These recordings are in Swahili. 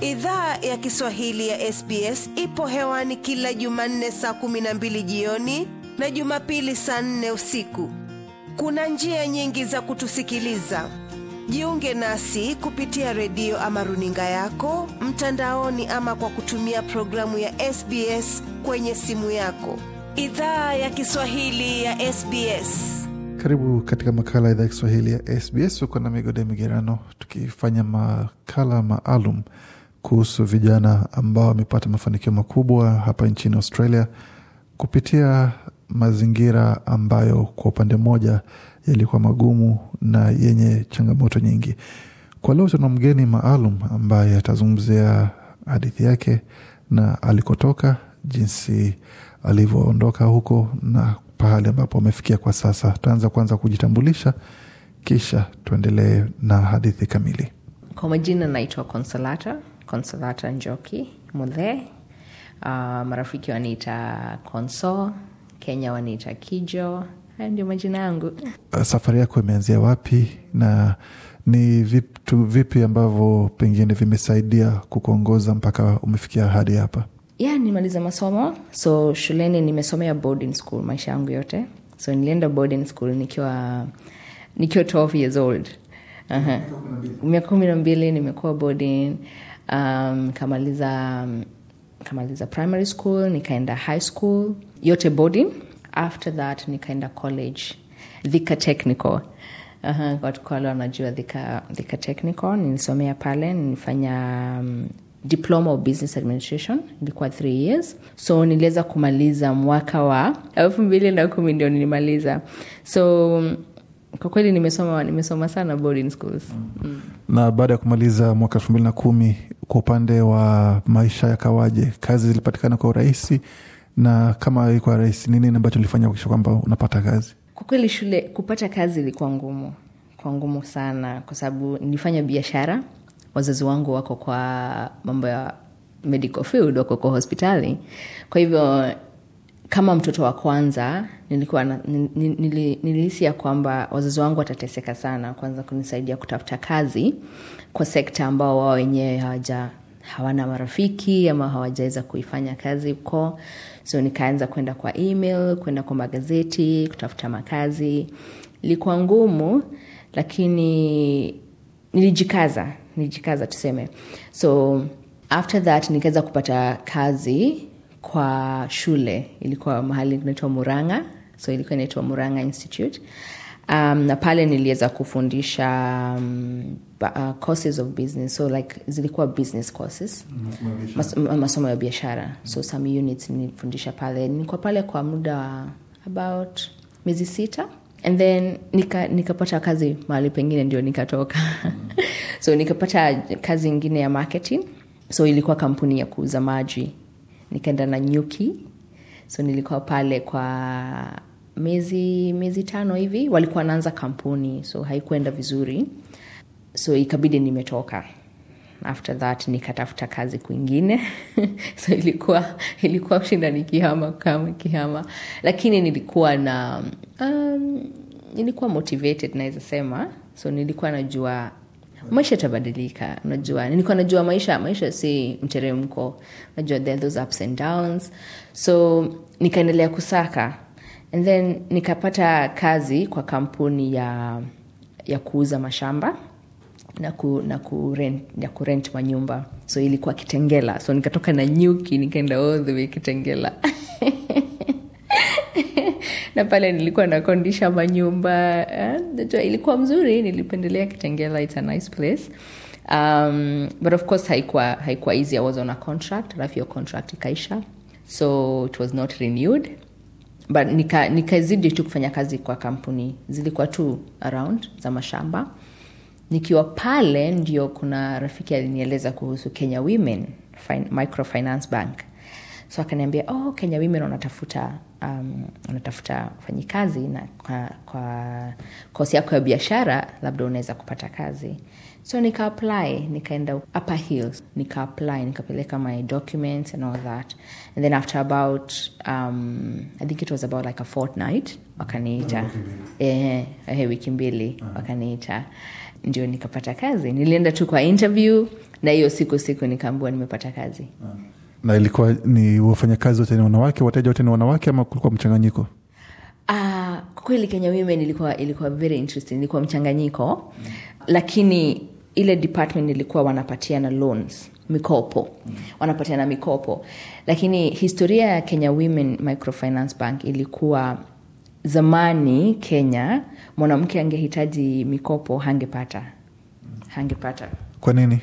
Idhaa ya Kiswahili ya SBS ipo hewani kila Jumanne saa kumi na mbili jioni na Jumapili saa nne usiku. Kuna njia nyingi za kutusikiliza. Jiunge nasi kupitia redio ama runinga yako mtandaoni, ama kwa kutumia programu ya SBS kwenye simu yako. Idhaa ya Kiswahili ya SBS. Karibu katika makala ya idhaa ya Kiswahili ya SBS. Uko na Migode Migerano tukifanya makala maalum kuhusu vijana ambao wamepata mafanikio makubwa hapa nchini Australia kupitia mazingira ambayo kwa upande mmoja yalikuwa magumu na yenye changamoto nyingi. Kwa leo tuna mgeni maalum ambaye atazungumzia hadithi yake na alikotoka, jinsi alivyoondoka huko na pahali ambapo amefikia kwa sasa. Tutaanza kwanza kujitambulisha, kisha tuendelee na hadithi kamili. Kwa majina naitwa Consolata Consolata Njoki Mudhe. Uh, marafiki wanaita konso Kenya wanaita Kijo. haya ndio majina yangu. Ah, safari yako imeanzia wapi na ni vitu vipi ambavyo pengine vimesaidia kukuongoza mpaka umefikia hadi hapa? ya Yeah, nimaliza masomo so shuleni nimesomea boarding school maisha yangu yote, so nilienda boarding school nikiwa nikiwa 12 years old. Miaka kumi na mbili nimekuwa boarding um, kamaliza, um, kamaliza primary school nikaenda high school yote boarding after that nikaenda college Thika Technical uh-huh, wanajua Thika, Thika Technical nilisomea pale nilifanya um, diploma of business administration ilikuwa th years so niliweza kumaliza mwaka wa elfu mbili na kumi ndio nilimaliza so kwa kweli nimesoma nimesoma sana boarding schools mm. na baada ya kumaliza mwaka elfu mbili na kumi kwa upande wa maisha yakawaje kazi zilipatikana kwa urahisi na kama ilikuwa rahisi ni nini ambacho ulifanya kuakisha kwamba unapata kazi kwa kweli shule kupata kazi ilikuwa ngumu kwa ngumu sana kwa sababu nilifanya biashara wazazi wangu wako kwa mambo ya medical field wako kwa hospitali kwa hivyo kama mtoto wa kwanza nilikuwa nilihisi ya kwamba wazazi wangu watateseka sana kwanza kunisaidia kutafuta kazi kwa sekta ambao wao wenyewe hawaja hawana marafiki ama hawajaweza kuifanya kazi huko so nikaanza kwenda kwa email kwenda kwa magazeti kutafuta makazi ilikuwa ngumu lakini nilijikaza nilijikaza tuseme so after that nikaweza kupata kazi kwa shule, ilikuwa mahali inaitwa Muranga, so ilikuwa inaitwa Muranga Institute. Um, na pale niliweza kufundisha um, uh, courses of business so like zilikuwa business courses Mas, masomo ya biashara mm-hmm. so some units nilifundisha pale nilikuwa pale kwa muda wa about miezi sita and then nika nikapata kazi mahali pengine ndio nikatoka mm-hmm. so nikapata kazi ingine ya marketing so ilikuwa kampuni ya kuuza maji nikaenda na nyuki so nilikuwa pale kwa miezi miezi tano hivi walikuwa naanza kampuni so haikuenda vizuri so ikabidi nimetoka after that nikatafuta kazi kwingine so ilikuwa ilikuwa shinda nikihama kama kihama lakini nilikuwa na um, nilikuwa motivated naweza sema so nilikuwa najua maisha itabadilika unajua nilikuwa najua maisha maisha si mteremko najua there those ups and downs so nikaendelea kusaka and then nikapata kazi kwa kampuni ya ya kuuza mashamba na, ku, na, kurent, na kurent manyumba so ilikuwa kitengela so nikatoka na nyuki nikaenda all the way kitengela na pale nilikuwa nakondisha manyumba najua eh, ilikuwa mzuri nilipendelea kitengela its a nice place um, but of course haikuwa haikuwa easy i was on a contract alafu hiyo contract ikaisha so it was not renewed but nikazidi nika tu kufanya kazi kwa kampuni zilikuwa tu around za mashamba nikiwa pale ndio kuna rafiki alinieleza kuhusu kenya women microfinance bank so akaniambia oh, kenya women wanatafuta unatafuta um, unatafuta wafanyikazi na kwa, kwa kosi yako ya biashara labda unaweza kupata kazi so nika apply nikaenda upper hills apply nikapeleka my documents and all that and then after about um, i think it was about like a fortnight wakaniita ehe wiki mbili eh, eh, ah. wakaniita ndio nikapata kazi nilienda tu kwa interview na hiyo siku siku nikaambua nimepata kazi uh-huh na ilikuwa ni wafanyakazi wote ni wanawake, wateja wote ni wanawake, ama kulikuwa mchanganyiko? Uh, kweli Kenya Women ilikuwa, ilikuwa very interesting, ilikuwa mchanganyiko mm. Lakini ile department ilikuwa wanapatiana loans mikopo mm. wanapatiana mikopo, lakini historia ya Kenya Women Microfinance Bank ilikuwa zamani Kenya mwanamke angehitaji mikopo hangepata, hangepata. Kwa nini?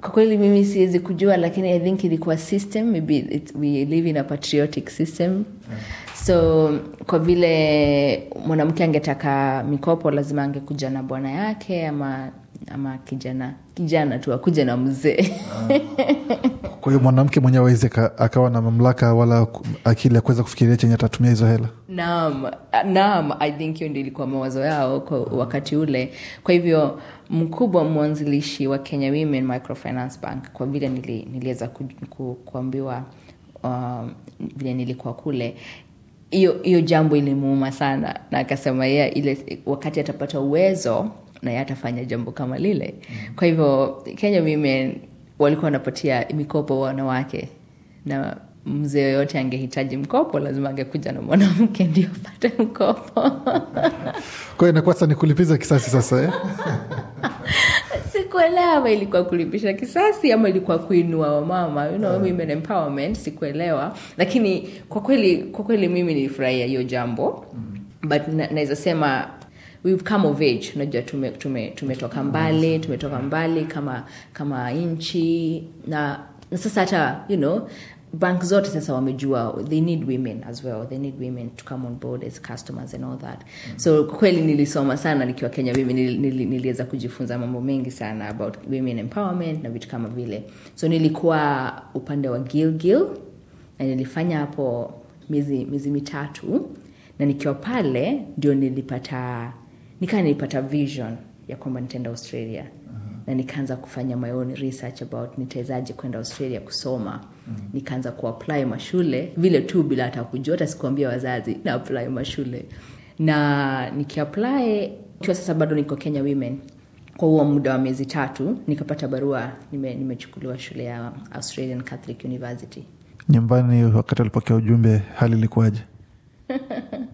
Kwa kweli mimi siwezi kujua, lakini I think ilikuwa system, maybe it, we live in a patriotic system mm. So kwa vile mwanamke angetaka mikopo lazima angekuja na bwana yake ama ama kijana kijana tu akuja na mzee kwa hiyo mwanamke mwenyewe awezi akawa na mamlaka wala akili ya kuweza kufikiria chenye atatumia hizo hela naam naam i think hiyo ndio ilikuwa mawazo yao kwa wakati ule kwa hivyo mkubwa mwanzilishi wa kenya women microfinance bank kwa vile nili, niliweza ku, ku, kuambiwa um, vile nilikuwa kule hiyo jambo ilimuuma sana na akasema ile wakati atapata uwezo yeye atafanya jambo kama lile. Kwa hivyo Kenya Women walikuwa wanapatia mikopo wanawake, na mzee yoyote angehitaji mkopo lazima angekuja na mwanamke ndio apate mkopo. Kwa hiyo inakuwa ni kulipiza kisasi sasa eh? Sikuelewa ilikuwa kulipisha kisasi ama ilikuwa kuinua wamama, you know, uh. empowerment. Sikuelewa, lakini kwa kweli, kwa kweli mimi nilifurahia hiyo jambo, mm. but naweza sema we've come of age unajua tumetoka tume, tume, mbali tumetoka mbali kama kama nchi na, na sasa hata you know bank zote sasa wamejua they need women as well they need women to come on board as customers and all that mm-hmm. so kweli nilisoma sana nikiwa kenya mimi niliweza nili, nili kujifunza mambo mengi sana about women empowerment na vitu kama vile so nilikuwa upande wa gilgil na nilifanya hapo miezi mitatu na nikiwa pale ndio nilipata nikaa nilipata vision ya kwamba nitaenda australia uh-huh. na nikaanza kufanya my own research about nitawezaje kwenda australia kusoma mm-hmm. nikaanza kuapply mashule vile tu bila hata kujua hata sikuambia wazazi na apply mashule na nikiapply kiwa sasa bado niko kenya women kwa huo muda wa miezi tatu nikapata barua nimechukuliwa nime shule ya australian catholic university nyumbani wakati alipokea ujumbe hali ilikuwaje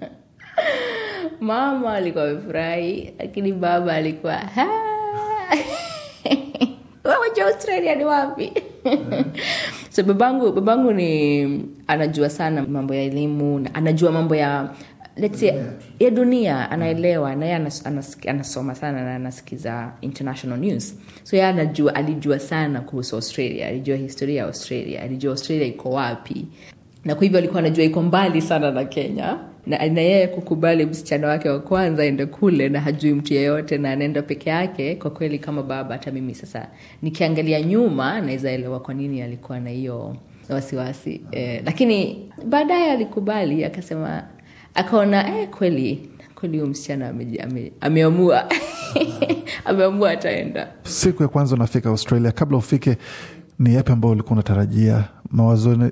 mama alikuwa amefurahi lakini baba alikuwa weweja australia ni wapi so babangu babangu ni anajua sana mambo ya elimu anajua mambo ya let's say, ya dunia anaelewa naye anasoma sana na anasikiza international news so ye anajua alijua sana kuhusu australia alijua historia ya australia alijua australia iko wapi na kwa hivyo alikuwa anajua iko mbali sana na Kenya na, na yeye kukubali msichana wake wa kwanza aende kule na hajui mtu yeyote na anaenda peke yake. Kwa kweli, kama baba, hata mimi sasa nikiangalia nyuma naweza elewa kwa nini alikuwa na hiyo wasiwasi mm. eh, lakini baadaye alikubali, akasema, akaona eh, kweli kweli huyu msichana ameamua mm. ameamua ataenda. Siku ya kwanza unafika Australia, kabla ufike ni yapi ambao ulikuwa unatarajia mawazoni?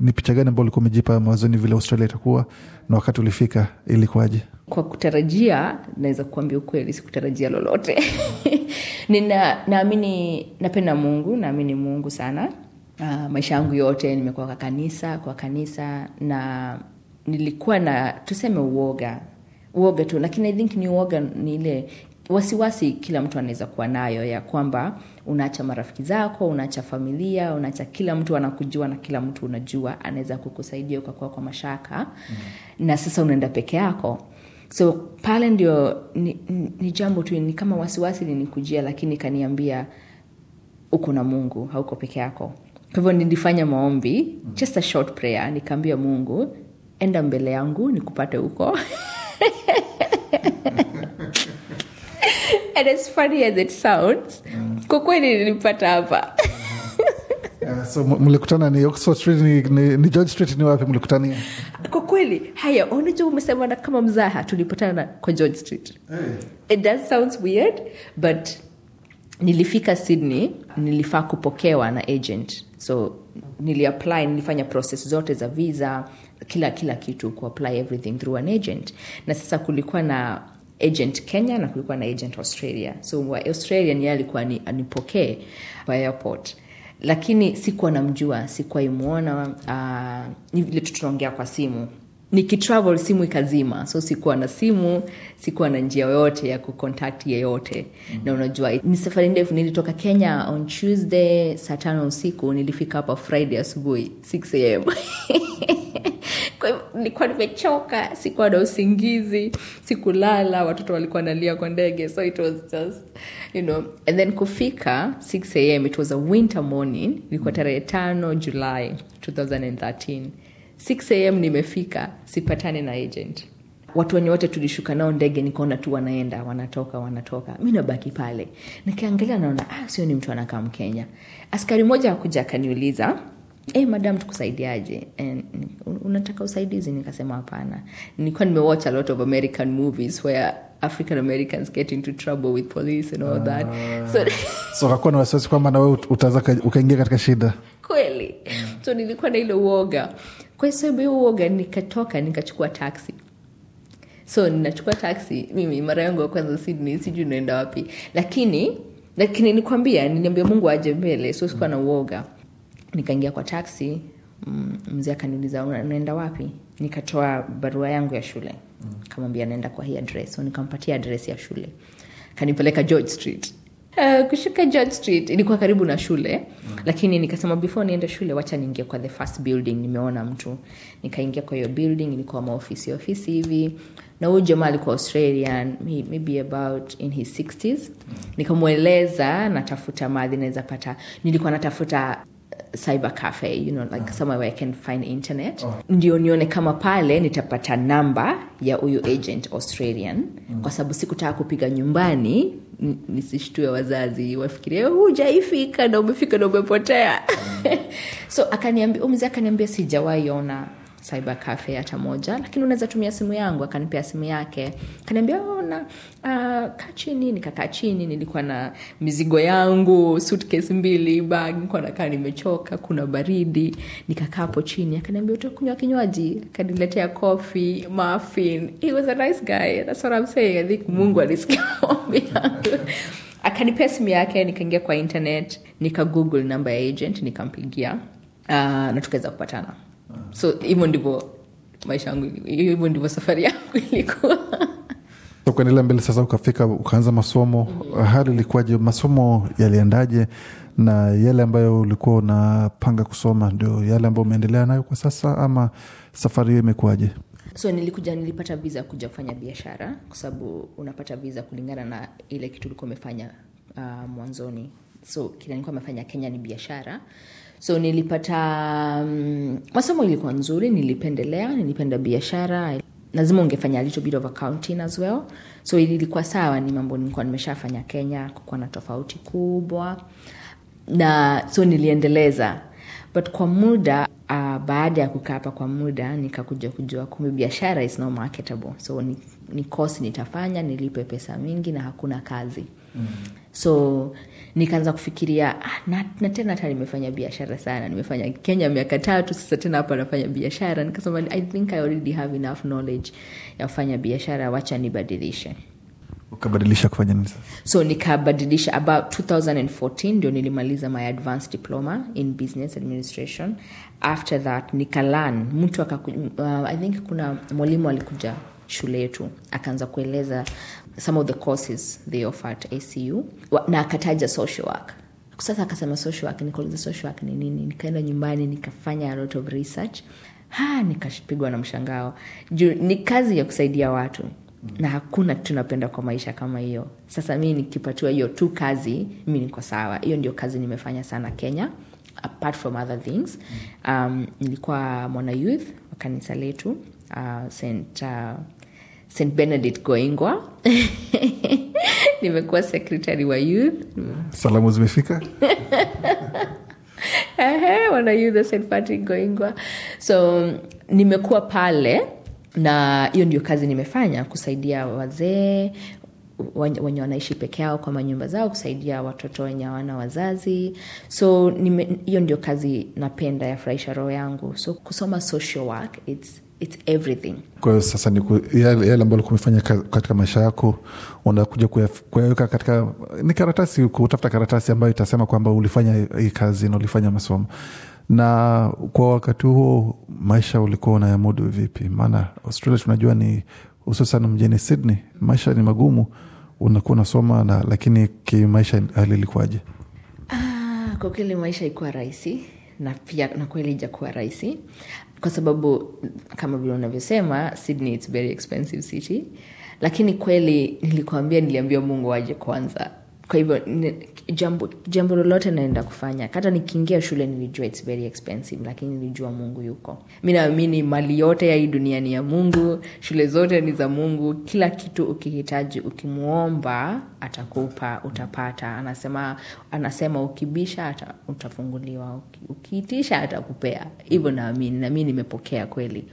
Ni picha gani ambao ulikuwa umejipa mawazoni vile Australia itakuwa na wakati ulifika ilikuwaje? Kwa kutarajia, naweza kuambia ukweli, sikutarajia lolote Nina, napenda Mungu, naamini Mungu sana. Uh, maisha yangu yote nimekuwa kwa kanisa, kwa kanisa na nilikuwa na tuseme uoga, uoga tu, lakini I think ni uoga, ni ile wasiwasi kila mtu anaweza kuwa nayo ya kwamba unaacha marafiki zako, unaacha familia, unaacha kila mtu anakujua na kila mtu unajua anaweza kukusaidia ukakua kwa mashaka mm -hmm. na sasa unaenda peke yako so pale ndio ni, ni jambo tu ni kama wasiwasi linikujia lakini kaniambia uko na mungu hauko peke yako kwa hivyo nilifanya maombi mm. -hmm. just a short prayer nikaambia mungu enda mbele yangu nikupate huko and as funny as it sounds mm. -hmm. Kwa kweli nilipata hapa Yeah, so mlikutana ni Oxford Street, ni, ni, ni George Street, ni wapi mlikutania? Kwa kweli haya, unajua umesema na kama mzaha, tulipatana kwa George Street. Hey. It does sounds weird but nilifika Sydney, nilifaa kupokewa na agent, so niliapply, nilifanya process zote za visa, kila kila kitu, kuapply everything through an agent, na sasa kulikuwa na agent Kenya na kulikuwa na agent Australia. So wa Australia niye alikuwa ni, anipokee kwa airport lakini sikuwa namjua, sikuwa imwona. Uh, ah, ni kwa simu, nikitravel simu ikazima, so sikuwa na simu, sikuwa na njia yoyote ya kukontakti yeyote. mm -hmm. Na unajua ni safari ndefu, nilitoka Kenya on Tuesday saa tano usiku, nilifika hapa Friday asubuhi 6 am nilikuwa nimechoka sikuwa na usingizi sikulala watoto walikuwa nalia kwa ndege so it was just you know and then kufika 6 am it was a winter morning ilikuwa tarehe tano julai 2013 6 am nimefika sipatane na agent watu wenye wote tulishuka nao ndege nikaona tu wanaenda wanatoka wanatoka mi nabaki pale nikiangalia naona ah, sio ni mtu anakaa mkenya askari mmoja akuja akaniuliza hey, eh, madam tukusaidiaje unataka usaidizi nikasema hapana nilikuwa nimewatch a lot of american movies where african americans get into trouble with police and all that ah. so, kakuwa na wasiwasi kwamba nawe utaweza ukaingia katika shida kweli so nilikuwa na ile uoga kwa sababu hiyo uoga nikatoka nikachukua taxi so ninachukua taxi mimi mara yangu ya kwanza sydney sijui unaenda wapi lakini lakini nikwambia niliambia mungu aje mbele so sikuwa na uoga mm nikaingia kwa taksi mm, mzee akaniuliza unaenda wapi nikatoa barua yangu ya shule mm. kamwambia naenda kwa hii adres so nikampatia adres ya shule kanipeleka george street Uh, eh, kushuka george street ilikuwa karibu na shule mm. lakini nikasema before niende shule wacha niingie kwa the first building nimeona mtu nikaingia kwa hiyo building ilikuwa maofisi ofisi hivi na huyu jamaa alikuwa australian maybe about in his 60s mm. nikamweleza natafuta maadhi naweza pata nilikuwa natafuta cyber cafe you know, like ah. somewhere where I can find internet oh. ndio nione kama pale nitapata namba ya huyu agent australian mm. kwa sababu sikutaka kupiga nyumbani nisishtue wazazi wafikirie hujaifika na umefika na umepotea mm. so akaniambia mzee akaniambia sijawaiona cyber cafe hata moja, lakini unaweza tumia simu yangu. Akanipea simu yake, kaniambia ona, oh, uh, ah, kaa chini. Nikakaa chini, nilikuwa na mizigo yangu suitcase mbili bag, nilikuwa nakaa nimechoka, kuna baridi. Nikakaa hapo chini, akaniambia utakunywa kinywaji, akaniletea coffee, muffin. He was a nice guy, that's what I'm saying. I think Mungu alisikia ombi yangu akanipea simu yake, nikaingia kwa internet, google namba ya agent, nikampigia uh, na tukaweza kupatana so hivyo ndivyo maisha yangu hivyo ndivyo safari yangu ilikuwa kuendelea mbele sasa ukafika ukaanza masomo mm-hmm. hali ilikuwaje masomo yaliendaje na yale ambayo ulikuwa unapanga kusoma ndio yale ambayo umeendelea nayo kwa sasa ama safari hiyo imekuwaje so nilikuja nilipata viza kuja kufanya biashara kwa sababu unapata viza kulingana na ile kitu ulikuwa umefanya uh, mwanzoni so kile nilikuwa amefanya kenya ni biashara so nilipata um, masomo ilikuwa nzuri nilipendelea nilipenda biashara lazima ungefanya little bit of accounting as well so ilikuwa sawa ni mambo nilikuwa nimeshafanya kenya kukuwa na tofauti kubwa na so niliendeleza but kwa muda uh, baada ya kukaa hapa kwa muda nikakuja kujua kumbe biashara is no marketable so ni, ni kosi nitafanya nilipe pesa mingi na hakuna kazi mm. so nikaanza kufikiria ah, na, na tena hata nimefanya biashara sana nimefanya kenya miaka tatu sasa tena hapa anafanya biashara nikasema i think i already have enough knowledge ya kufanya biashara wacha nibadilishe ukabadilisha kufanya so nikabadilisha about 2014 ndio nilimaliza my advanced diploma in business administration after that nikalan mtu uh, i think kuna mwalimu alikuja shule yetu, akaanza kueleza some of the courses they offer at ACU na akataja social work. Sasa akasema social work, nikauliza social work ni nini? Nikaenda nyumbani nikafanya a lot of research. Ha, nikashpigwa na mshangao juu ni kazi ya kusaidia watu mm. na hakuna kitu napenda kwa maisha kama hiyo. Sasa mi nikipatiwa hiyo tu kazi, mi niko sawa. Hiyo ndio kazi nimefanya sana Kenya, apart from other things. Mm. Um, nilikuwa mwana youth wa kanisa letu uh, St uh, St Benedict Goingwa nimekuwa secretary wa youth. Salamu zimefika wana youth St Patrick Goingwa, so nimekuwa pale na hiyo ndio kazi nimefanya, kusaidia wazee wenye wanaishi peke yao kwa manyumba zao, kusaidia watoto wenye hawana wazazi. So hiyo ndio kazi napenda, yafurahisha roho yangu. So kusoma social work it's it's everything kwa hiyo sasa ni yale ambayo ulikuwa katika maisha yako unakuja kuyaweka katika ni karatasi kutafuta karatasi ambayo itasema kwamba ulifanya hii kazi na ulifanya masomo na kwa wakati huo maisha ulikuwa unayamudu vipi maana australia tunajua ni hususan mjini sydney maisha ni magumu unakuwa unasoma na lakini kimaisha hali ilikuwaje ah, kwa kweli maisha ikuwa rahisi na pia na kweli ijakuwa rahisi kwa sababu kama vile unavyosema sydney its very expensive city lakini kweli nilikuambia niliambia mungu aje kwanza kwa hivyo jambo, lolote naenda kufanya hata nikiingia shule nilijua its very expensive lakini nilijua mungu yuko mi naamini mali yote ya hii dunia ni ya mungu shule zote ni za mungu kila kitu ukihitaji ukimwomba atakupa utapata anasema anasema ukibisha ata, utafunguliwa ukiitisha atakupea hivyo naamini nami nimepokea kweli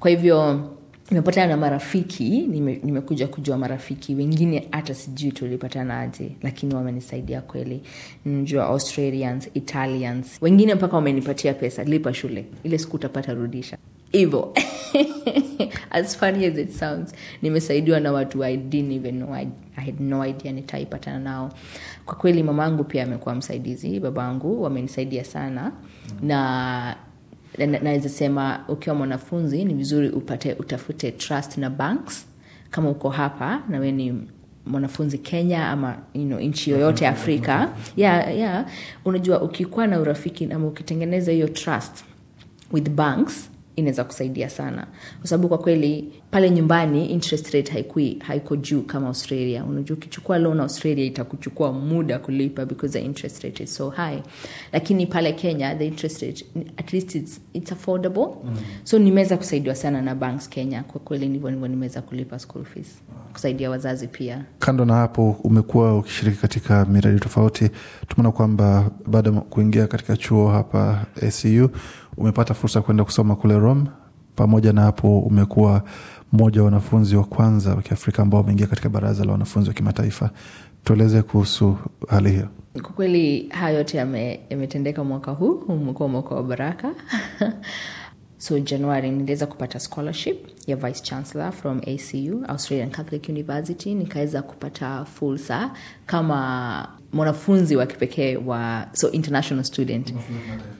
kwa hivyo nimepatana na marafiki nimekuja nime, kujua marafiki wengine hata sijui tulipatanaje lakini wamenisaidia kweli najua australians italians wengine mpaka wamenipatia pesa lipa shule ile siku utapata rudisha hivo as funny as it sounds nimesaidiwa na watu i didn't even know I, i had no idea nitaipatana nao kwa kweli mamangu pia amekuwa msaidizi babangu wamenisaidia sana mm. na naweza sema ukiwa mwanafunzi ni vizuri upate utafute trust na banks kama uko hapa na we ni mwanafunzi kenya ama you know, nchi yoyote mm-hmm. afrika mm-hmm. yeah, yeah. unajua ukikuwa na urafiki ama ukitengeneza hiyo trust with banks inaweza kusaidia sana kwa sababu kwa kweli pale nyumbani interest rate haikui haiko juu kama australia unajua ukichukua loan australia itakuchukua muda kulipa because the interest rate is so high lakini pale kenya the interest rate at least it's, it's affordable mm. so nimeweza kusaidiwa sana na banks kenya kwa kweli ndivyo ndivyo nimeweza kulipa school fees kusaidia wazazi pia kando na hapo umekuwa ukishiriki katika miradi tofauti tumeona kwamba baada ya kuingia katika chuo hapa acu umepata fursa kwenda kusoma kule Rome. Pamoja na hapo, umekuwa mmoja wa wanafunzi wa kwanza wa Kiafrika ambao wameingia katika baraza la wanafunzi wa kimataifa. Tueleze kuhusu hali hiyo. Kwa kweli haya yote yametendeka mwaka huu, umekuwa mwaka wa baraka so Januari niliweza kupata scholarship ya vice chancellor from ACU Australian Catholic University, nikaweza kupata fursa kama mwanafunzi wa kipekee wa so international student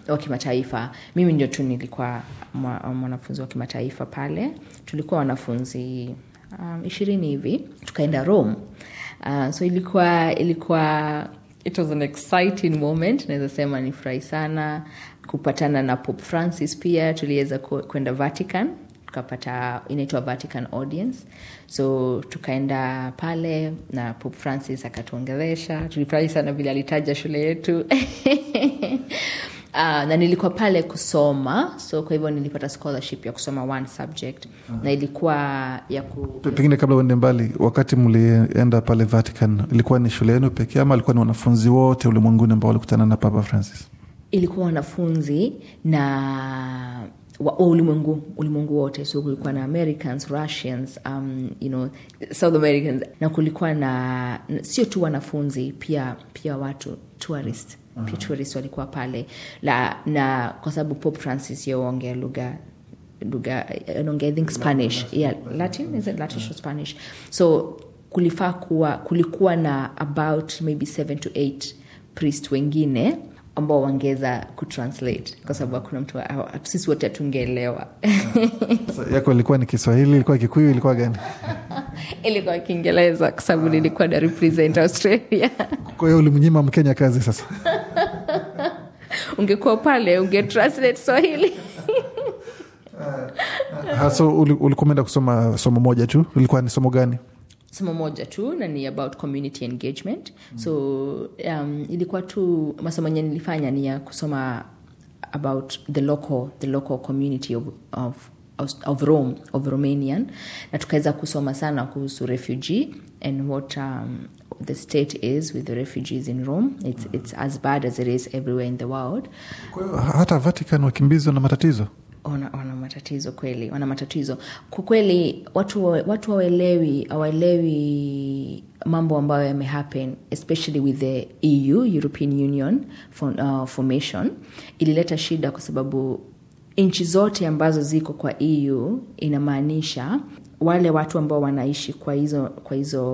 wa kimataifa. Mimi ndio tu nilikuwa mwanafunzi wa kimataifa pale, tulikuwa wanafunzi um, ishirini hivi, tukaenda Rome. Uh, so ilikuwa ilikuwa it was an exciting moment, naweza sema furahi sana kupatana na Pope Francis pia tuliweza kwenda Vatican tukapata inaitwa Vatican audience, so tukaenda pale na Pope Francis akatuongelesha. Tulifurahi sana vile alitaja shule yetu Uh, na nilikuwa pale kusoma so kwa hivyo nilipata scholarship ya kusoma one subject uh ah. -huh. Na ilikuwa ya ku... Pengine kabla uende mbali, wakati mlienda pale Vatican, ilikuwa ni shule yenu pekee ama alikuwa ni wanafunzi wote ulimwenguni ambao walikutana na Papa Francis? ilikuwa wanafunzi na wa ulimwengu ulimwengu wote, so kulikuwa na Americans, Russians, um, you know, South Americans na kulikuwa na sio tu wanafunzi pia, pia watu tourist uh -huh. pia tourist walikuwa pale la, na kwa sababu pop Francis yaongea lugha lugha anaongea I think Spanish Latin, yeah, Latin is it Latin yeah. Spanish so kulifaa kuwa kulikuwa na about maybe 7 to 8 priest wengine ambao wangeweza kutranslate kwa sababu hakuna mtu, sisi wote hatungeelewa. yako ilikuwa ni Kiswahili, ilikuwa Kikuyu, ilikuwa gani? ilikuwa Kiingereza kwa sababu nilikuwa na represent Australia. Kwa hiyo ulimnyima Mkenya kazi sasa. Ungekuwa pale ungetranslate Swahili. Haso ulikuwa umeenda kusoma somo moja tu, ilikuwa ni somo gani? somo moja tu na ni about community engagement mm. so um, ilikuwa tu masomo enye nilifanya ni ya kusoma about the local, the local community of, of of Rome, of Romanian na tukaweza kusoma sana kuhusu refugee and what um, the state is with the refugees in Rome it's, mm. it's as bad as it is everywhere in the world. hata Vatican wakimbizwa na matatizo wana, wana matatizo kweli, wana matatizo kwa kweli. Watu watu hawaelewi hawaelewi mambo ambayo yamehappen especially with the EU European Union uh, formation ilileta shida, kwa sababu nchi zote ambazo ziko kwa EU inamaanisha wale watu ambao wanaishi kwa hizo kwa hizo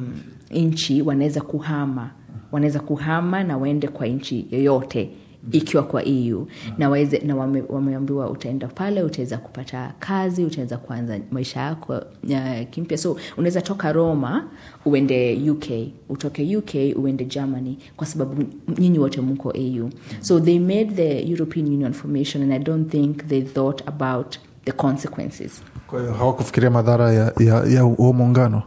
mm, nchi wanaweza kuhama wanaweza kuhama na waende kwa nchi yoyote Mm-hmm. ikiwa kwa EU mm-hmm. na, waeze, na wame, wameambiwa utaenda pale utaweza kupata kazi, utaweza kuanza maisha yako uh, kimpya. So unaweza toka Roma uende UK, utoke UK uende Germany, kwa sababu nyinyi wote mko EU. Mm-hmm. So they made the European Union formation and I don't think they thought about the consequences hawako hawakufikiria madhara ya, ya, ya huo muungano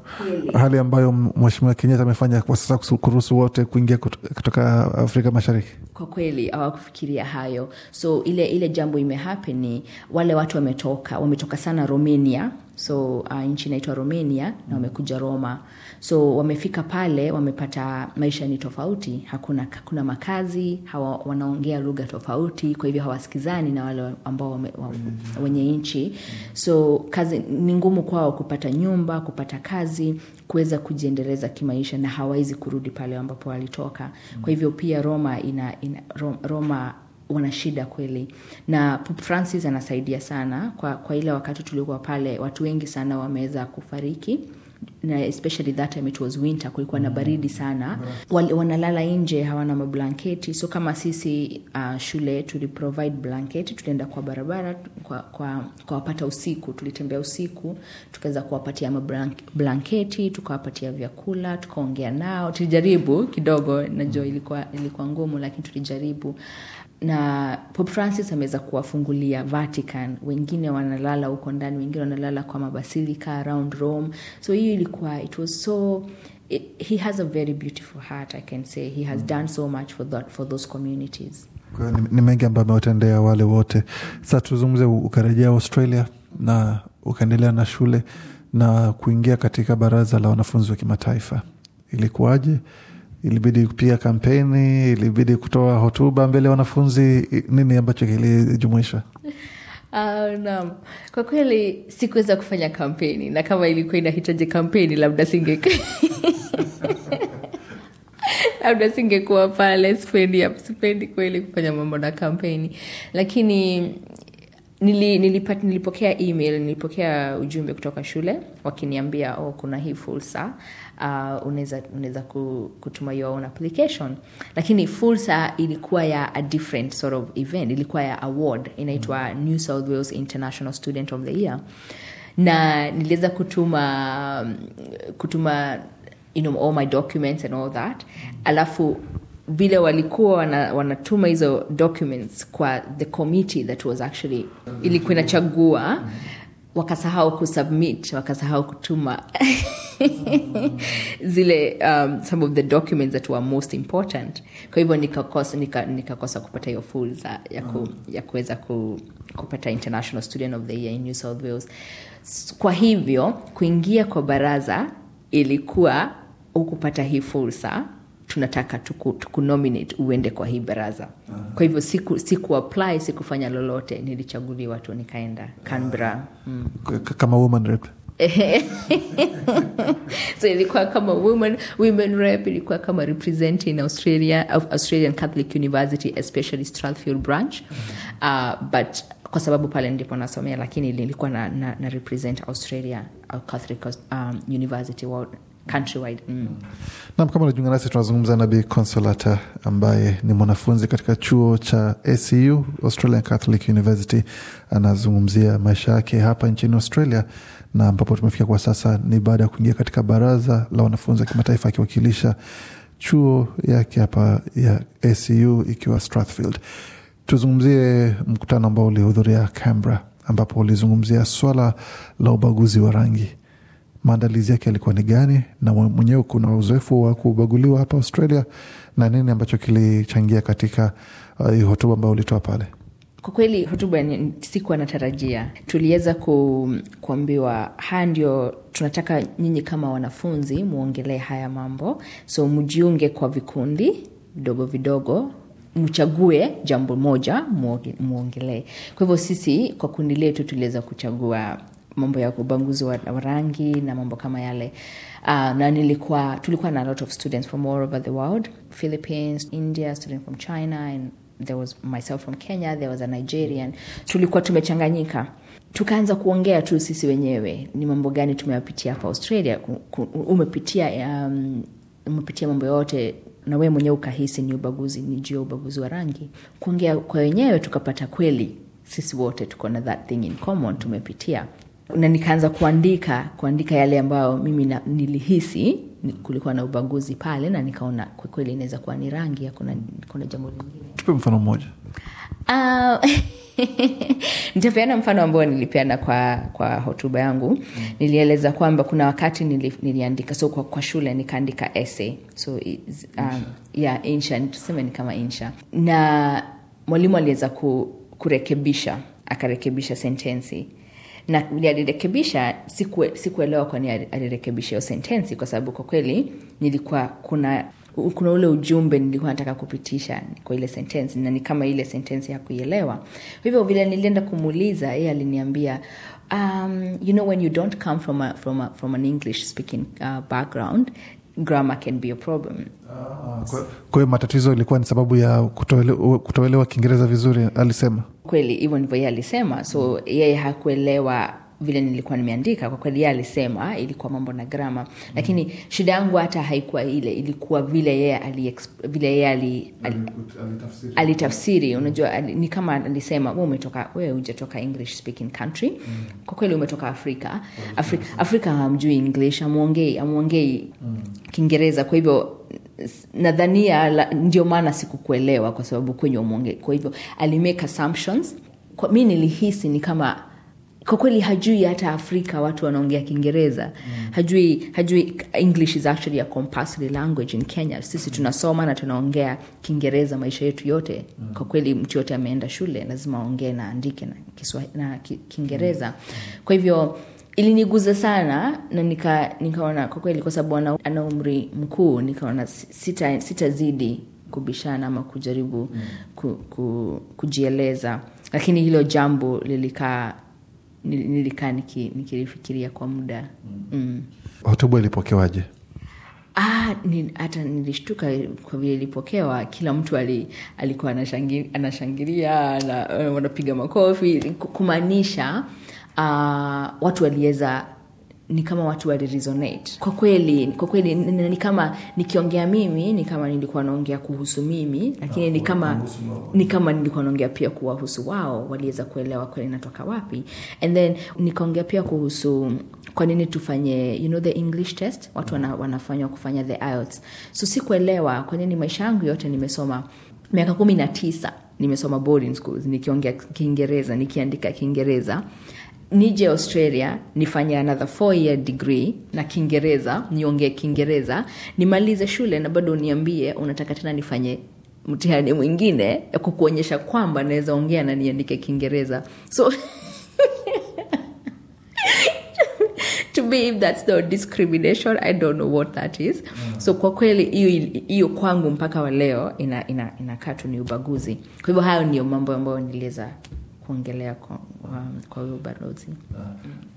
hali ambayo mheshimiwa Kenyatta amefanya kwa sasa kuruhusu wote kuingia kutoka Afrika Mashariki. Kwa kweli hawakufikiria hayo, so ile ile jambo imehappen ni wale watu wametoka wametoka sana Romania, so uh, nchi inaitwa Romania na wamekuja Roma So wamefika pale, wamepata maisha ni tofauti, hakuna, hakuna makazi hawa, wanaongea lugha tofauti, kwa hivyo hawasikizani na wale ambao wame, wa, mm-hmm. wenye nchi. So kazi ni ngumu kwao kupata nyumba, kupata kazi, kuweza kujiendeleza kimaisha, na hawawezi kurudi pale ambapo walitoka. Mm-hmm. Kwa hivyo pia Roma ina, ina Roma wana shida kweli, na Pope Francis anasaidia sana kwa, kwa ile wakati tulikuwa pale, watu wengi sana wameweza kufariki na especially that time it was winter, kulikuwa na mm. baridi sana. Wal, wanalala nje, hawana mablanketi, so kama sisi uh, shule tuliprovide blanketi, tulienda kwa barabara kwa, kwa, kwa wapata usiku, tulitembea usiku, tukaweza kuwapatia mablanketi, tukawapatia vyakula, tukaongea nao, tulijaribu kidogo, najua mm. ilikuwa, ilikuwa ngumu, lakini tulijaribu na Pope Francis ameweza kuwafungulia Vatican. Wengine wanalala huko ndani, wengine wanalala kwa mabasilika around Rome. So hiyo ilikuwa it was so It, he has a very beautiful heart i can say he has mm. done so much for that for those communities ni, ni mengi ambayo amewatendea wale wote sasa tuzungumze ukarejea australia na ukaendelea na shule na kuingia katika baraza la wanafunzi wa kimataifa ilikuwaje ilibidi pia kampeni, ilibidi kutoa hotuba mbele ya wanafunzi. Nini ambacho kilijumuisha? Uh, naam, kwa kweli sikuweza kufanya kampeni, na kama ilikuwa inahitaji kampeni, labda singe labda singekuwa pale. Sipendi, sipendi kweli kufanya mambo na kampeni, lakini nili, nilipa, nilipokea email, nilipokea ujumbe kutoka shule wakiniambia oh, kuna hii fursa uh, unaweza unaweza kutuma your own application lakini fursa ilikuwa ya a different sort of event ilikuwa ya award inaitwa mm. new south wales international student of the year na niliweza kutuma kutuma you know, all my documents and all that alafu vile walikuwa wana, wanatuma hizo documents kwa the committee that was actually ilikuwa inachagua mm-hmm wakasahau kusubmit wakasahau kutuma zile um, some of the documents that were most important kwa hivyo nikakosa nika, nika kupata hiyo fursa ya, ku, mm. ya kuweza ku, kupata international student of the year in new south wales kwa hivyo kuingia kwa baraza ilikuwa ukupata hii fursa tunataka tukunominate tuku uende kwa hii baraza. uh -huh. Kwa hivyo siku, siku sikufanya lolote, nilichaguliwa tu nikaenda canbra mm. kama woman rep so ilikuwa kama woman, women rep ilikuwa kama representing Australia of Australian Catholic University especially Strathfield branch uh, but kwa sababu pale ndipo nasomea, lakini ilikuwa na, na, na represent Australia uh, Catholic um, University World countrywide mm. nam kama unajiunga nasi tunazungumza na bi consolata ambaye ni mwanafunzi katika chuo cha acu e australian catholic university anazungumzia maisha yake hapa nchini australia na ambapo tumefika kwa sasa ni baada ya kuingia katika baraza la wanafunzi wa kimataifa akiwakilisha chuo yake hapa ya acu e ikiwa strathfield tuzungumzie mkutano ambao ulihudhuria canberra ambapo ulizungumzia swala la ubaguzi wa rangi maandalizi yake yalikuwa ni gani, na mwenyewe kuna uzoefu wa kubaguliwa hapa Australia, na nini ambacho kilichangia katika uh, hotuba ambayo ulitoa pale? Kwa kweli hotuba sikuwa natarajia. Tuliweza ku, kuambiwa haya ndio tunataka nyinyi kama wanafunzi muongelee haya mambo, so mjiunge kwa vikundi vidogo vidogo mchague jambo moja muongelee. Kwa hivyo sisi kwa kundi letu tuliweza kuchagua mambo ya ubanguzi wa, rangi na mambo kama yale uh, na nilikuwa tulikuwa na lot of students from all over the world philippines india student from china and there was myself from kenya there was a nigerian tulikuwa tumechanganyika tukaanza kuongea tu sisi wenyewe ni mambo gani tumeyapitia hapa australia umepitia um, umepitia mambo yote na wee mwenyewe ukahisi ni ubaguzi ni juu ya ubaguzi wa rangi kuongea kwa wenyewe tukapata kweli sisi wote tuko na that thing in common tumepitia na nikaanza kuandika kuandika yale ambayo mimi na, nilihisi kulikuwa na ubaguzi pale, na nikaona kwa kweli inaweza kuwa ni rangi, kuna, kuna jambo lingine. Tupe mfano mmoja. Uh, nitapeana mfano ambao nilipeana kwa, kwa hotuba yangu. Mm. Nilieleza kwamba kuna wakati nili, niliandika so kwa, kwa shule nikaandika essay so um, Yeah, tuseme ni kama insha, na mwalimu aliweza ku, kurekebisha akarekebisha sentensi na alirekebisha. Sikuelewa kwa kwani alirekebisha hiyo sentensi, kwa sababu kwa kweli nilikuwa kuna kuna ule ujumbe nilikuwa nataka kupitisha kwa ile sentensi, na ni kama ile sentensi ya kuielewa. Hivyo vile nilienda kumuuliza yeye, aliniambia um, you know when you don't come from a, from a, from an English speaking uh, background grammar can be a problem. Ah, kwa hiyo matatizo ilikuwa ni sababu ya kutoelewa, kutoelewa Kiingereza vizuri, alisema kweli, hivyo ndivyo yeye alisema. So yeye hakuelewa vile nilikuwa nimeandika kwa kweli yeye alisema ah, ilikuwa mambo na grama mm. lakini shida yangu hata haikuwa ile ilikuwa vile yeye ali, vile yeye ali, ali, alitafsiri, alitafsiri. unajua ali, ni kama alisema we umetoka wewe hujatoka english speaking country mm. kwa kweli umetoka afrika Afri, afrika hamjui english amuongei amuongei mm. kiingereza kwa hivyo nadhania ndio maana sikukuelewa kwa sababu kwenye umwongei kwa hivyo alimake assumptions kwa mi nilihisi ni kama kwa kweli hajui hata afrika watu wanaongea kiingereza mm. hajui hajui english is actually a compulsory language in kenya sisi tunasoma na tunaongea kiingereza maisha yetu yote kwa kweli mtu yote ameenda shule lazima aongee na andike na, na kiingereza kwa hivyo iliniguza sana na nika nikaona kwa kweli kwa sababu ana umri mkuu nikaona sita sitazidi kubishana ama kujaribu mm. ku, ku, kujieleza lakini hilo jambo lilikaa nilikaa nikilifikiria kwa muda mm-hmm. mm. hotuba ilipokewaje? Ah, ni, hata nilishtuka kwa vile ilipokewa. Kila mtu ali, alikuwa anashangilia, wanapiga makofi kumaanisha uh, watu waliweza ni kama watu wali resonate kwa kweli, kwa kweli ni kama nikiongea mimi ni kama nilikuwa naongea kuhusu mimi, lakini ni ah, kama ni kama nilikuwa naongea pia kuwahusu wao, waliweza kuelewa kweli natoka wapi, and then nikaongea pia kuhusu kwa nini tufanye you know the English test, watu wana, wanafanywa kufanya the IELTS. So sikuelewa kwa nini maisha yangu yote nimesoma miaka kumi na tisa nimesoma boarding schools nikiongea Kiingereza nikiandika Kiingereza nije Australia nifanye another four year degree na Kiingereza, niongee Kiingereza, nimalize shule na bado uniambie unataka tena nifanye mtihani mwingine ya kukuonyesha kwamba naweza ongea na niandike Kiingereza so to me if that's not discrimination i don't know what that is mm. so kwa kweli hiyo kwangu mpaka wa leo inakaa ina, ina, ina tu ni ubaguzi kwa hivyo hayo ndiyo mambo ambayo niliweza kuongelea kwa um, huyo um, ubalozi.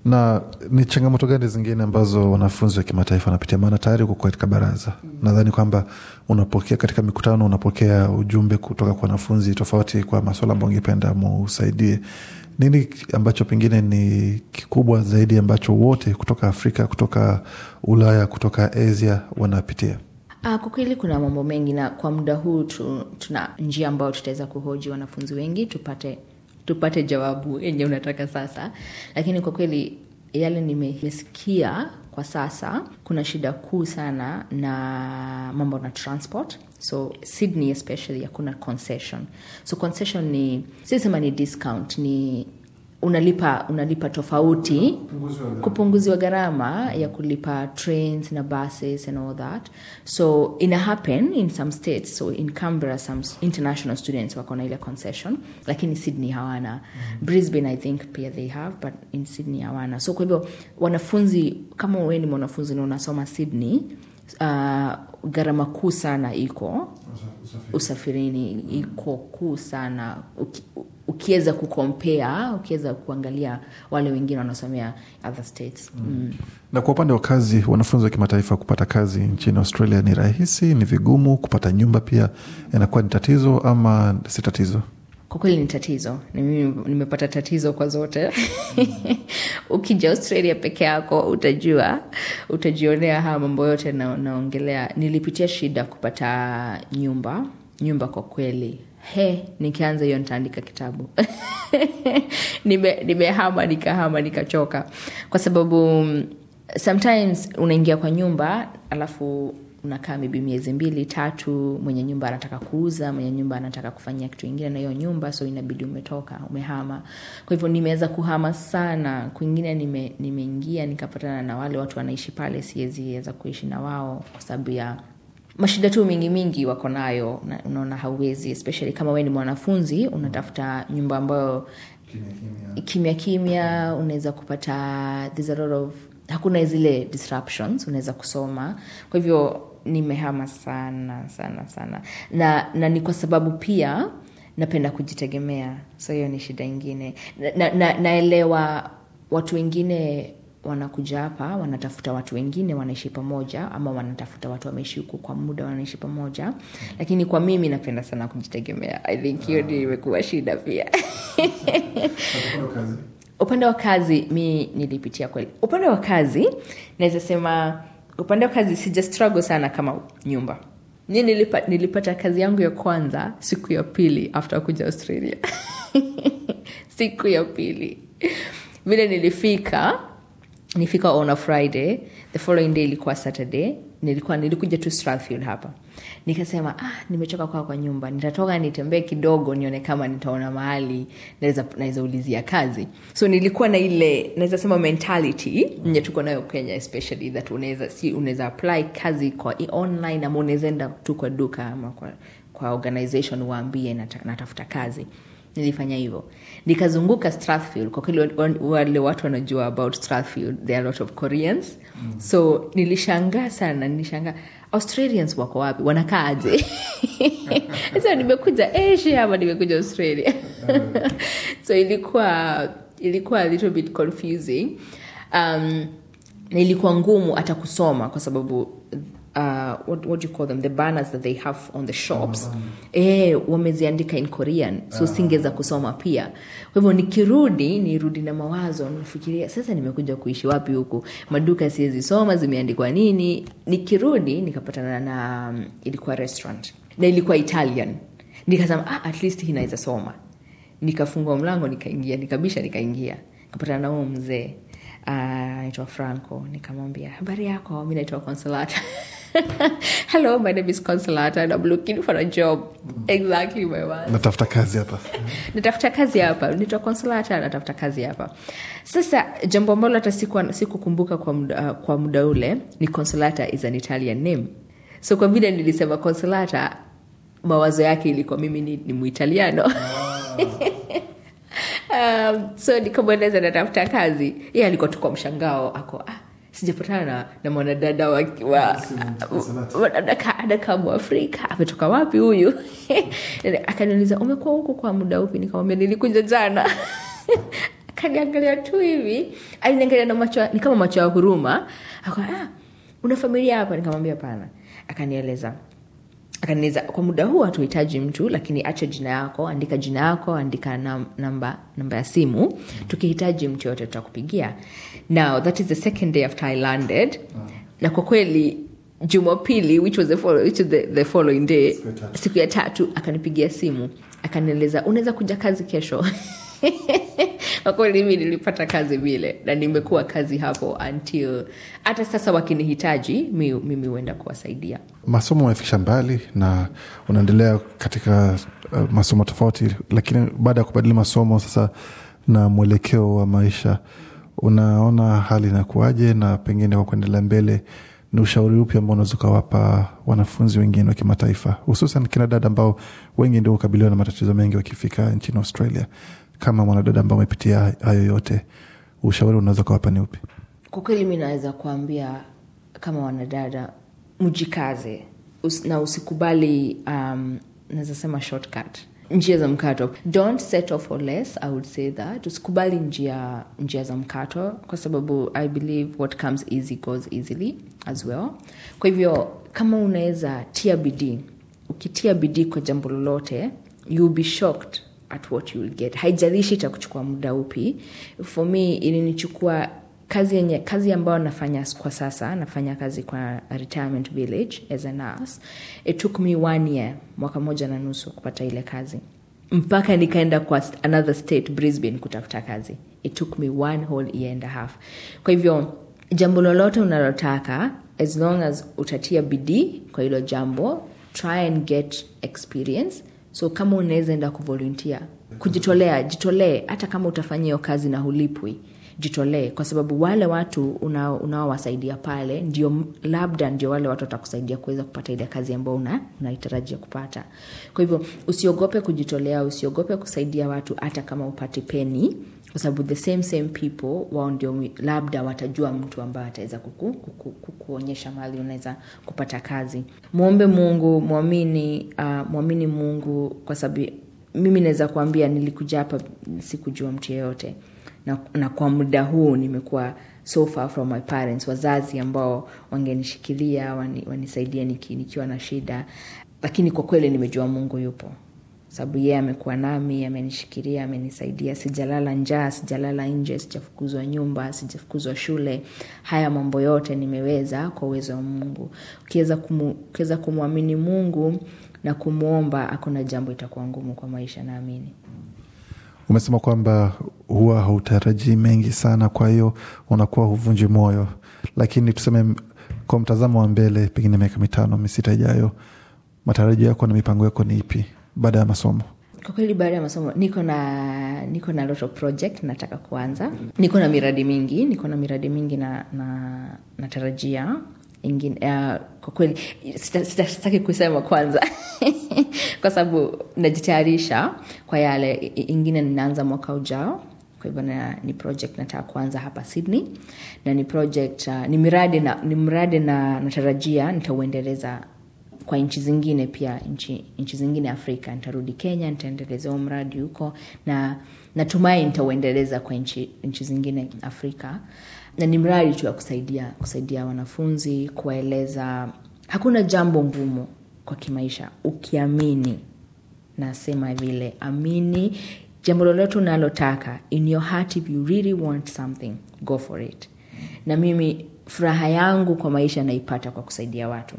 Na ni changamoto gani zingine ambazo wanafunzi wa kimataifa wanapitia? Maana tayari uko katika baraza mm. Nadhani kwamba unapokea katika mikutano, unapokea ujumbe kutoka kwa wanafunzi tofauti kwa maswala ambao ungependa musaidie. Nini ambacho pengine ni kikubwa zaidi ambacho wote kutoka Afrika, kutoka Ulaya, kutoka Asia wanapitia? Ah, kwa kweli kuna mambo mengi, na kwa muda huu tu, tuna njia ambayo tutaweza kuhoji wanafunzi wengi tupate tupate jawabu yenye unataka sasa, lakini kwa kweli yale nimesikia kwa sasa, kuna shida kuu sana na mambo na transport so Sydney especially hakuna concession. So concession ni sisema ni discount, ni unalipa unalipa tofauti kupunguziwa gharama ya kulipa trains na buses and all that so ina happen in some states so in cambera some international students wako na ile concession lakini sydney hawana mm-hmm. brisbane i think pia they have but in sydney hawana so kwa hivyo wanafunzi kama wewe ni mwanafunzi na unasoma sydney uh, gharama kuu sana iko awesome usafiri, usafirini iko kuu sana uki, ukiweza kukompea ukiweza kuangalia wale wengine wanaosomea other states mm. Mm. na kwa upande wa kazi wanafunzi wa kimataifa kupata kazi nchini australia ni rahisi ni vigumu kupata nyumba pia inakuwa ni tatizo ama si tatizo kwa kweli ni tatizo, nimepata tatizo kwa zote. Ukija Australia peke yako utajua, utajionea haya mambo yote na naongelea. Nilipitia shida kupata nyumba, nyumba kwa kweli He, nikianza hiyo nitaandika kitabu nimehama nime nikahama nikachoka, kwa sababu mm, sometimes unaingia kwa nyumba alafu unakaa mibi miezi mbili tatu, mwenye nyumba anataka kuuza, mwenye nyumba anataka kufanyia kitu ingine na hiyo nyumba, so inabidi umetoka, umehama. Kwa hivyo nimeweza kuhama sana, kwingine nimeingia nime, nikapatana na wale watu wanaishi pale, siweziweza kuishi na wao kwa sababu ya mashida tu mingi mingi wako nayo, unaona hauwezi, especially kama we ni mwanafunzi unatafuta nyumba ambayo kimya kimya, unaweza kupata there's a lot of hakuna zile disruptions, unaweza kusoma. Kwa hivyo nimehama sana sana sana na, na ni kwa sababu pia napenda kujitegemea so hiyo ni shida ingine na, na, naelewa watu wengine wanakuja hapa wanatafuta watu wengine wanaishi pamoja ama wanatafuta watu wameishi huku kwa muda wanaishi pamoja lakini kwa mimi napenda sana kujitegemea i think hiyo ndio imekuwa shida pia upande wa kazi mi nilipitia kweli upande wa kazi naweza sema upande wa kazi sija struggle sana kama nyumba ni nilipa, nilipata kazi yangu ya kwanza siku ya pili after kuja australia siku ya pili vile nilifika nifika on a friday the following day ilikuwa saturday nilikuwa nilikuja tu strathfield hapa nikasema ah, nimechoka kwa kwa nyumba nitatoka nitembee kidogo nione kama nitaona mahali naweza ulizia kazi so nilikuwa na ile naweza sema mentality nye tuko nayo kenya especially that unaweza si unaweza apply kazi kwa online ama unawezaenda tu kwa duka ama kwa, kwa organization waambie nata, natafuta kazi nilifanya hivyo nikazunguka strathfield kwa kweli wale watu wanajua about strathfield there are a lot of koreans mm. so nilishangaa sana nilishangaa australians wako wapi wanakaaje so nimekuja asia ama nimekuja australia so ilikuwa ilikuwa a little bit confusing um, ilikuwa ngumu hata kusoma kwa sababu Uh, what, what do you call them the banners that they have on the shops oh, eh, wameziandika in korean so uh-huh. singeza kusoma pia kwa hivyo nikirudi nirudi na mawazo nafikiria sasa nimekuja kuishi wapi huku maduka siwezi soma zimeandikwa nini nikirudi nikapatana na ilikuwa restaurant na ilikuwa italian nikasema ah, at least hii naweza soma nikafungua mlango nikaingia nikabisha nikaingia kapatana na huo mzee uh, anaitwa uh, franco nikamwambia habari yako mi naitwa consolata hello my name is consolata and i'm looking for a job exactly my word natafuta kazi hapa natafuta kazi hapa nitwa consolata natafuta kazi hapa sasa jambo ambalo hata sikukumbuka kwa, muda, kwa muda ule ni consolata is an italian name so kwa vile nilisema consolata mawazo yake ilikuwa mimi ni, ni muitaliano ah. um, so nikamweleza natafuta kazi ye alikuwa tukwa mshangao ako ah, sijapatana na mwanadada wadadakaadaka mwafrika ametoka wapi huyu akaniuliza umekuwa huku kwa muda upi nikamwambia nilikuja jana akaniangalia tu hivi aliniangalia na macho ni kama macho ya huruma aka ah, una familia hapa nikamwambia pana akanieleza akaniza kwa muda huu hatuhitaji mtu lakini acha jina yako andika jina yako andika namba namba ya simu tukihitaji mtu yoyote tutakupigia now that is the second day after i landed mm. na kwa kweli jumapili which was the, follow, which was the, the following day siku ya tatu akanipigia simu akanieleza unaweza kuja kazi kesho kwa kweli mimi nilipata kazi vile na nimekuwa kazi hapo until hata sasa wakinihitaji mimi huenda kuwasaidia masomo umefikisha mbali na unaendelea katika uh, masomo tofauti lakini baada ya kubadili masomo sasa na mwelekeo wa maisha unaona hali inakuaje na pengine kwa kuendelea mbele ni ushauri upi ambao unaweza ukawapa wanafunzi wengine wa kimataifa hususan kina dada ambao wengi ndio ukabiliwa na matatizo mengi wakifika nchini australia kama mwanadada ambao umepitia hayo yote ushauri unaweza ukawapa ni upi kwa kweli mi naweza kuambia kama wanadada mjikaze Us, na usikubali um, naweza shortcut njia za mkato don't for less i would say that usikubali njia njia za mkato kwa sababu i believe what comes easy goes easily as well kwa hivyo kama unaweza tia bidii ukitia bidii kwa jambo lolote you'll be shocked at what you will get haijalishi itakuchukua muda upi for me ilinichukua kazi yenye kazi ambayo nafanya kwa sasa nafanya kazi kwa retirement village as a nurse it took me one year mwaka moja na nusu kupata ile kazi mpaka nikaenda kwa another state brisbane kutafuta kazi it took me one whole year and a half kwa hivyo jambo lolote unalotaka as long as utatia bidii kwa hilo jambo try and get experience So kama unaweza enda kuvolunteer, kujitolea, jitolee. Hata kama utafanya hiyo kazi na hulipwi, jitolee, kwa sababu wale watu unaowasaidia una pale ndio labda ndio wale watu watakusaidia kuweza kupata ile kazi ambayo una unaitarajia kupata. Kwa hivyo usiogope kujitolea, usiogope kusaidia watu, hata kama upati peni kwa sababu the same same people wao ndio labda watajua mtu ambaye ataweza kuku, kuku, kukuonyesha mahali unaweza kupata kazi. Mwombe Mungu, mwamini uh, mwamini Mungu kwa sababu mimi naweza kuambia nilikuja hapa sikujua mtu yeyote na, na kwa muda huu nimekuwa so far from my parents, wazazi ambao wangenishikilia wani, niki, nikiwa na shida, lakini kwa kweli nimejua Mungu yupo sababu yeye amekuwa nami, amenishikiria amenisaidia. Sijalala njaa, sijalala nje, sijafukuzwa nyumba, sijafukuzwa shule. Haya mambo yote nimeweza kwa uwezo wa Mungu. Ukiweza kumwamini Mungu na kumwomba, hakuna jambo itakuwa ngumu kwa maisha. Naamini umesema kwamba huwa hautarajii mengi sana, kwa hiyo unakuwa huvunji moyo, lakini tuseme kwa mtazamo wa mbele, pengine miaka mitano misita ijayo, matarajio yako na mipango yako ni ipi? baada ya masomo? Kwa kweli baada ya masomo niko na niko na loto project nataka kuanza, niko na miradi mingi, niko na miradi mingi na, na natarajia ingine uh, kwa kweli sitaki sita kusema kwanza kwa sababu najitayarisha kwa yale ingine. Ninaanza mwaka ujao, kwa hivyo na, ni project nataka kuanza hapa Sydney na ni project uh, ni miradi na, ni mradi na natarajia nitauendeleza kwa nchi zingine pia nchi, nchi zingine Afrika. Nitarudi Kenya, nitaendeleza huo mradi huko, na natumai nitauendeleza kwa nchi, nchi zingine Afrika, na ni mradi tu wa kusaidia kusaidia wanafunzi kuwaeleza, hakuna jambo ngumu kwa kimaisha ukiamini. Nasema vile, amini jambo lolote unalotaka, in your heart if you really want something go for it. Na mimi furaha yangu kwa maisha naipata kwa kusaidia watu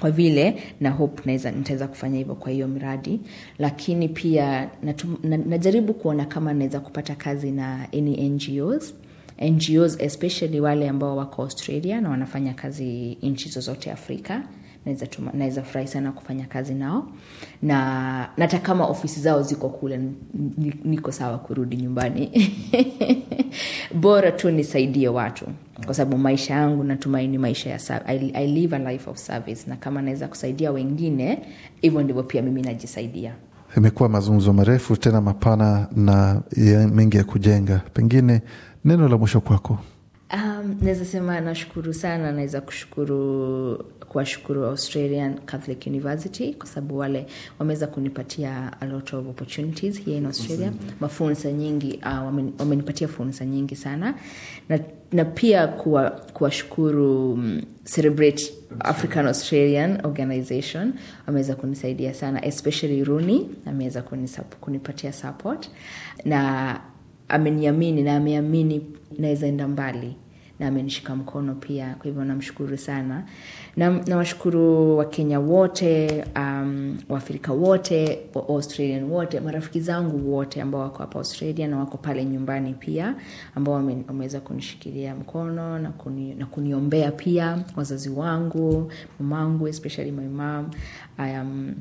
kwa vile na hope naweza nitaweza kufanya hivyo kwa hiyo mradi lakini pia natum, na, najaribu kuona kama naweza kupata kazi na any NGOs NGOs especially wale ambao wako Australia na wanafanya kazi nchi zozote Afrika naweza furahi sana kufanya kazi nao na hata kama ofisi zao ziko kule niko sawa kurudi nyumbani bora tu nisaidie watu kwa sababu maisha yangu natumaini maisha ya I, I live a life of service na kama naweza kusaidia wengine hivyo ndivyo pia mimi najisaidia imekuwa mazungumzo marefu tena mapana na mengi ya kujenga pengine neno la mwisho kwako Um, naweza sema nashukuru sana, naweza kushukuru kuwashukuru Australian Catholic University kwa sababu wale wameweza kunipatia a lot of opportunities here in Australia mm-hmm. mafunzo nyingi uh, wamenipatia fursa nyingi sana na, na pia kuwashukuru kuwa um, mm, Celebrate African Australian Organization wameweza kunisaidia sana especially Runi ameweza kunipatia support na ameniamini na ameamini naweza enda mbali na amenishika mkono pia kwa hivyo namshukuru sana nawashukuru na, na wakenya wote um, waafrika wote wa wote marafiki zangu wote ambao wako hapa australia na wako pale nyumbani pia ambao wameweza kunishikilia mkono na, kuni, na kuniombea pia wazazi wangu mamangu especially my I am,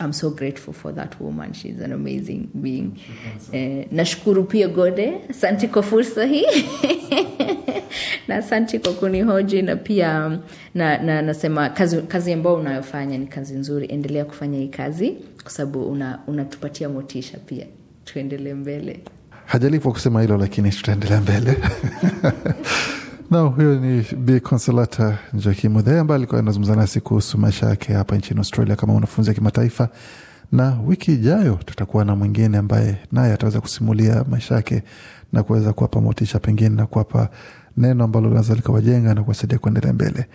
I'm so grateful for that woman. She's an amazing being. Eh, nashukuru pia Gode, asante kwa fursa hii na asante kwa kunihoji na pia na, na nasema kazi, kazi ambayo unayofanya ni kazi nzuri. Endelea kufanya hii kazi kwa sababu unatupatia una, motisha pia, tuendelee mbele. Hajalipo kusema hilo, lakini tutaendelea mbele Na huyo ni Bi Consolata Jaki Mudhee ambaye alikuwa anazungumza nasi kuhusu maisha yake hapa nchini Australia kama mwanafunzi wa kimataifa, na wiki ijayo tutakuwa na mwingine ambaye naye ataweza kusimulia maisha yake na kuweza kuwapa motisha pengine na kuwapa neno ambalo linaweza likawajenga na kuwasaidia kuendelea mbele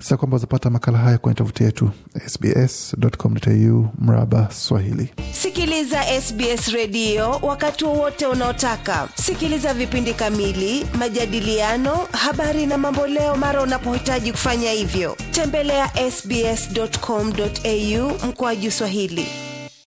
sa kwamba wazapata makala haya kwenye tovuti yetu sbs.com.au mraba Swahili. Sikiliza SBS redio wakati wowote unaotaka. Sikiliza vipindi kamili, majadiliano, habari na mamboleo mara unapohitaji kufanya hivyo. Tembelea ya sbs.com.au mkoaju Swahili.